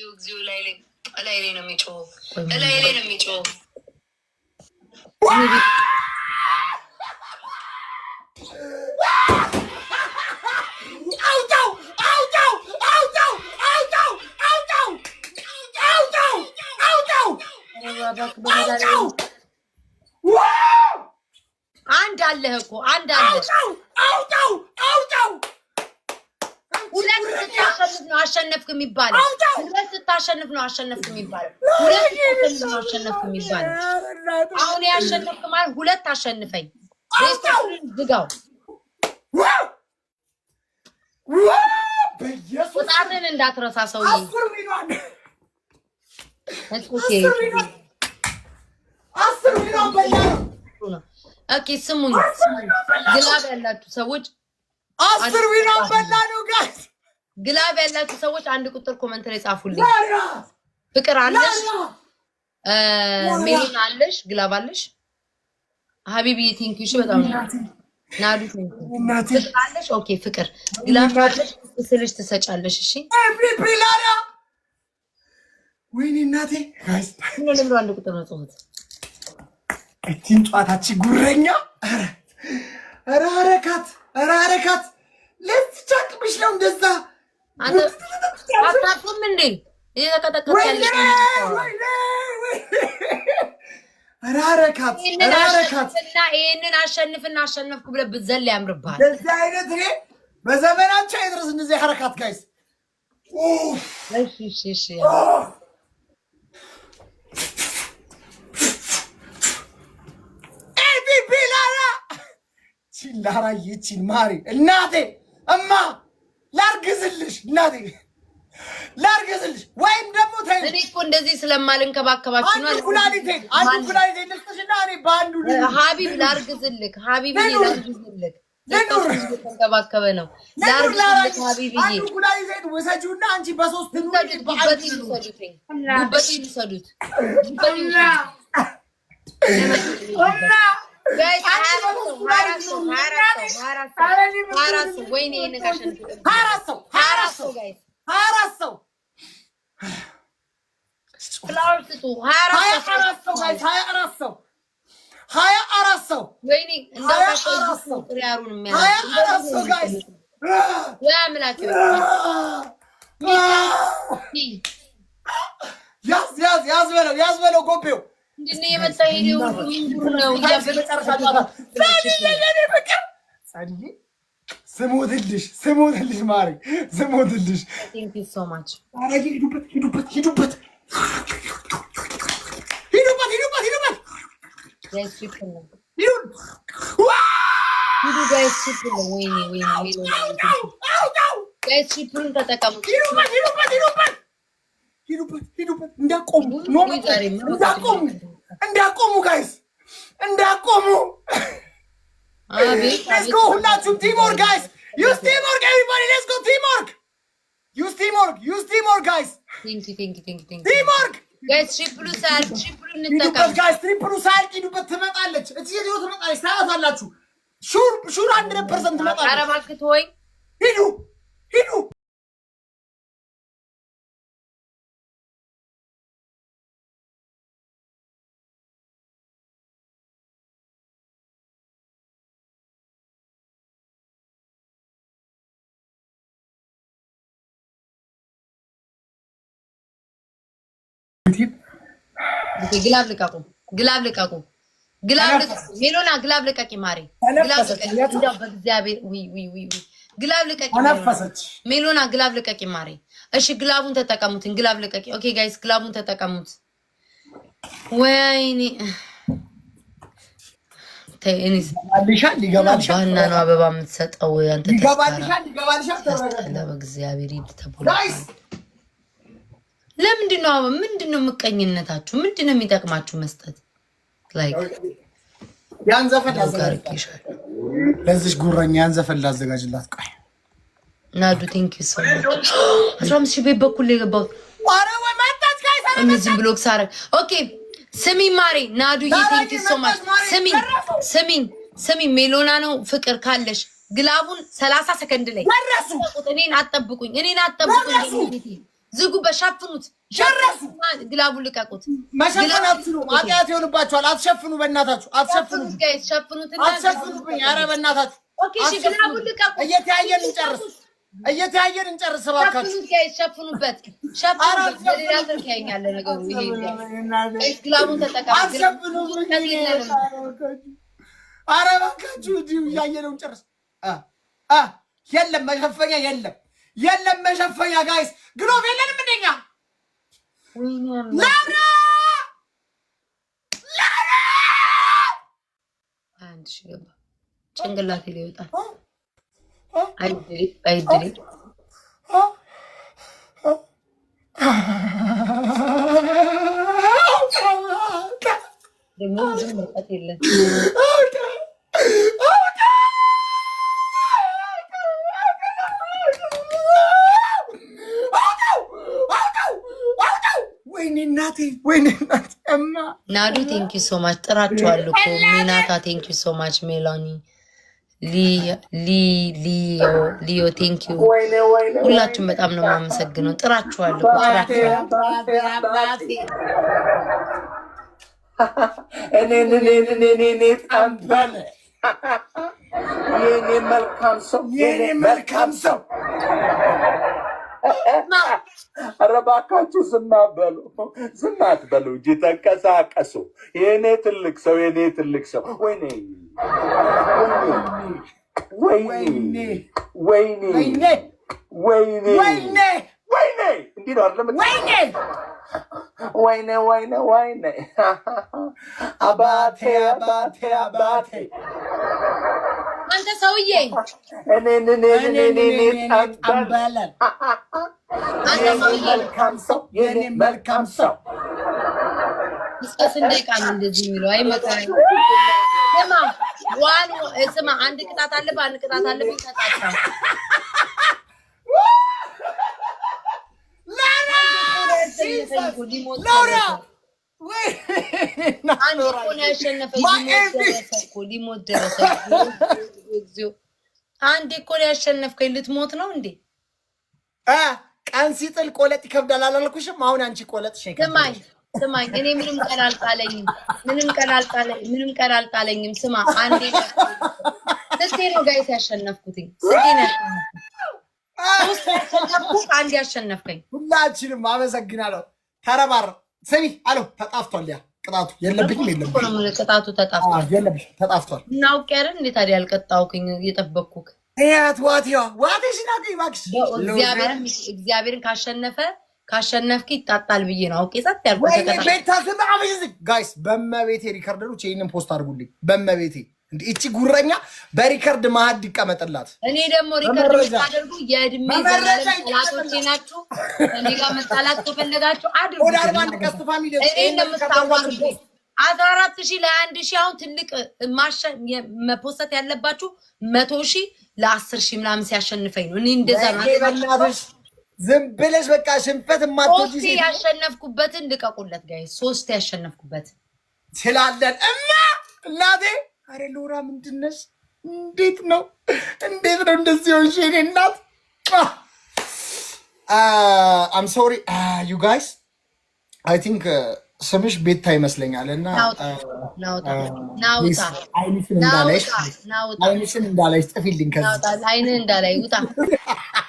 እግዚኦ እግዚኦ ላይ ላይ ላይ ላይ ነው የሚጮኸው፣ ላይ ላይ ነው የሚጮኸው። አንድ አለህ እኮ አንድ አለህ። አውጣው አውጣው አውጣው ሁለት ስታሸንፍ ነው አሸነፍክ የሚባለው። ሁለት ስታሸንፍ ነው አሸነፍክ የሚባለው። ሁለት ስታሸንፍ ነው አሸነፍክ የሚባለው። አሁን ያሸነፍክ ማለት ሁለት አሸንፈኝ ዝጋው ቁጣትን እንዳትረሳ ሰውዬ። ኦኬ ስሙኝ፣ ግላብ ያላችሁ ሰዎች አስር ሚሊዮን በላ ነው ጋይስ ግላብ ያላችሁ ሰዎች አንድ ቁጥር ኮመንት ላይ ጻፉልኝ። ፍቅር አለሽ፣ ሜሪን አለሽ፣ ግላብ አለሽ። ሀቢቢ ቲንክ ዩሽ በጣም ናዱ ፍቅር አለሽ። ኦኬ ፍቅር ግላብ አለሽ ስልሽ ትሰጫለሽ። እሺ ወይኔ እናቴ ለምዶ አንድ ቁጥር ነው ጽሁት እቲን ጨዋታች ጉረኛ ኧረ አረካት ኧረ አረካት ለዚህ ቻቅምሽ ነው እንደዛ አታውቅም እንዴ? ይህንን አሸንፍና አሸነፍኩ ብለህ ብትዘል ያምርብሃል። በዚህ አይነት እኔ በዘመናቸው የድረስ እንደዚህ ሐረካት ጋይስ ላራ ይቺን ማሪ እናቴ እማ ላርግዝልሽ እናቴ ላርግዝልሽ ወይም ደግሞ እኔ እኮ እንደዚህ ስለማልንከባከባችሁ ነው። ኩላሊቴን አንዱ ኩላሊቴን ልስጥሽና እኔ በአንዱ ሀቢብ ላርግዝልክ፣ ሀቢብ ላርግዝልክ ተንከባከበ ነው ላርግዝልክ። ሀቢብዬ አንዱ ኩላሊቴን ውሰጂውና አንቺ በሶስት ጉበቴን ውሰዱት። ያዝ ያዝ ያዝ በለው ያዝ በለው ጎቤው እንድን የመጣ ሄደው ነው ፍቅር ስሞትልሽ ስሞትልሽ ማሪ ስሞትልሽ ሂዱበት ሂዱበት ሂዱበት ሂዱበት ሂዱበት እንዳቆሙ እንዳቆሙ እንዳቆሙ ጋይስ እንዳቆሙ። ሌስጎ ሁላችሁም ቲምወርክ ጋይስ ዩዝ ቲምወርክ ኤቨሪባዲ ሌስጎ ቲምወርክ ዩዝ ቲምወርክ ዩዝ ቲምወርክ ጋይስ ቲምወርክ ጋይስ ትሪፕሉ ሳያልቅ ሂዱበት። ትመጣለች እትዮ ትመጣለች። ታያታላችሁ ሹር አንድ ፐርሰንት ትመጣለች። ሂዱ ሂዱ ግላብ ልቀቁ፣ ግላብ ልቀቁ፣ ግላብ ልቀቁ። ሜሎና ግላብ ልቀቂ፣ ማሬ ግላብ ልቀቂ። እንደው በእግዚአብሔር ውይ ውይ ውይ ግላብ ልቀቂ። ሜሎና ግላብ ልቀቂ፣ ማሬ እሺ፣ ግላቡን ተጠቀሙትን። ግላብ ልቀቂ። ኦኬ ጋይስ፣ ግላቡን ተጠቀሙት። ወይኔ ባና ነው አበባ የምትሰጠው አንተ። በእግዚአብሔር ተቦላ ምንድነው ምንድነው ምቀኝነታችሁ? ምንድነው የሚጠቅማችሁ መስጠት? ያን ዘፈን ለዚህ ጉረኛ ያን ዘፈን ላዘጋጅላት። ቆይ ናዱ ቴንክ ዩ ሶ ማች። አስራ አምስት ሺህ ቤት በኩል የገባሁት እነዚህ ብሎክ ሳረ። ኦኬ ስሚ ማሬ ናዱዬ፣ ቴንክ ዩ ሶ ማች። ስሚ ስሚ ስሚ ሜሎና ነው ፍቅር ካለሽ ግላቡን ሰላሳ ሰከንድ ላይ እኔን አጠብቁኝ፣ እኔን አጠብቁኝ። ዝጉ በሻፍኑት ጨረሱ ግላቡ ልቀቁት። መሸፈናችሁ ነው ማጥያት ይሆንባችኋል። አትሸፍኑ፣ በእናታችሁ አትሸፍኑ፣ አትሸፍኑብኝ። ኧረ በእናታችሁ እየተያየን እንጨርስ፣ እየተያየን እንጨርስ እባካችሁ። ሸፍኑበት፣ ኧረ እባካችሁ እንዲሁ እያየነው እንጨርስ። የለም መሸፈኛ፣ የለም የለም መሸፈኛ። ጋይስ ግሎብ የለንም እንደኛ William. Laura! Laura! አንድ ሺ ገባ። ጭንቅላቴ ላይ ይወጣል። አይድሪት አይድሪት ደግሞ ብዙም መውጣት የለም እናቴ ወይኔ እናቴ እማ ናዱ ቴንኪ እኮ ሚናታ ቴንኪ ሶ ማች ሜላኒ ሊዮ ቴንኪ ሁላችሁም በጣም ነው የማመሰግነው። ጥራችኋል እኮ መልካም ሰው መልካም ሰው ኧረ እባካችሁ ዝም በሉ፣ ዝም አትበሉ እንጂ ተንቀሳቀሱ። የእኔ ትልቅ ሰው፣ የእኔ ትልቅ ሰው፣ ወይኔ ወይኔ ወይኔ ወይኔ ወይኔ ወይኔ እንዲህ ነው አይደለም? ወይኔ ወይኔ ወይኔ ወይኔ አባቴ አባቴ አባቴ አንተ ሰውዬ መልካም ሰው ስንደቃም እንደዚህ የሚለው አይመጣም። ስማ አንድ ቅጣት አለብህ፣ አንድ ቅጣት አለብህ። ሊሞት ደረሰ። እግዚኦ! አንዴ እኮ ነው ያሸነፍከኝ። ልትሞት ነው እንዴ? ቀን ሲጥል ቆለጥ ይከብዳል አላልኩሽም? አሁን አንቺ ቆለጥ ስማኝ፣ ስማኝ፣ እኔ ምንም ቀን አልጣለኝም፣ ምንም ቀን አልጣለኝም፣ ምንም ቀን አልጣለኝም። ስማ፣ አንዴ ስልቴ ነው ጋይስ ያሸነፍኩትኝ፣ ስልቴ ነው ያሸነፍኩት። አንዴ ያሸነፍከኝ። ሁላችንም አመሰግናለሁ። ተረባር ስሚ አለው ተጣፍቷል ያ ቅጣቱ የለብኝም የለብኝም ቅጣቱ ተጣፍቷል ተጣፍቷል እናውቅ ያለን እንዴ ታዲያ ያልቀጣውክኝ እየጠበቅኩክ ያት ዋትያ ዋትሽ ናት እባክሽ እግዚአብሔርን ካሸነፈ ካሸነፍክ ይጣጣል ብዬ ነው አውቄ ጸጥ ያልኩት ቤታ ስም አብሽ ጋይስ በመቤቴ ሪከርደሮች ይህንን ፖስት አድርጉልኝ በመቤቴ እቺ ጉረኛ በሪከርድ ማህድ ይቀመጥላት። እኔ ደግሞ ሪከርድ የምታደርጉ የእድሜ ዘላለም ጠላቶቼ ናችሁ። እኔ ጋር መጣላት ከፈለጋችሁ አድርጉ። ወደ አርባ አንድ ፋሚሊ እኔ እንደምታዋርጉ አስራ አራት ሺህ ለአንድ ሺህ አሁን ትልቅ ማሸ መፖሰት ያለባችሁ መቶ ሺህ ለአስር ሺህ ምናምን ሲያሸንፈኝ ነው። እኔ እንደዛ ዝም ብለሽ በቃ ሽንፈት ማቶጂ ያሸነፍኩበትን ልቀቁለት ጋይ ሶስት ያሸነፍኩበት ስላለን እማ እናቴ አረ ሎራ ምንድነሽ? እንዴት ነው እንዴት ነው እንደዚህ ሆንሽ? የእኔ እናት አም ሶሪ ዩ ጋይስ አይ ቲንክ ስምሽ ቤታ ይመስለኛል እና አይንሽን እንዳላይሽ ጥፊልኝ ከዚህ አይንን እንዳላይ ውጣ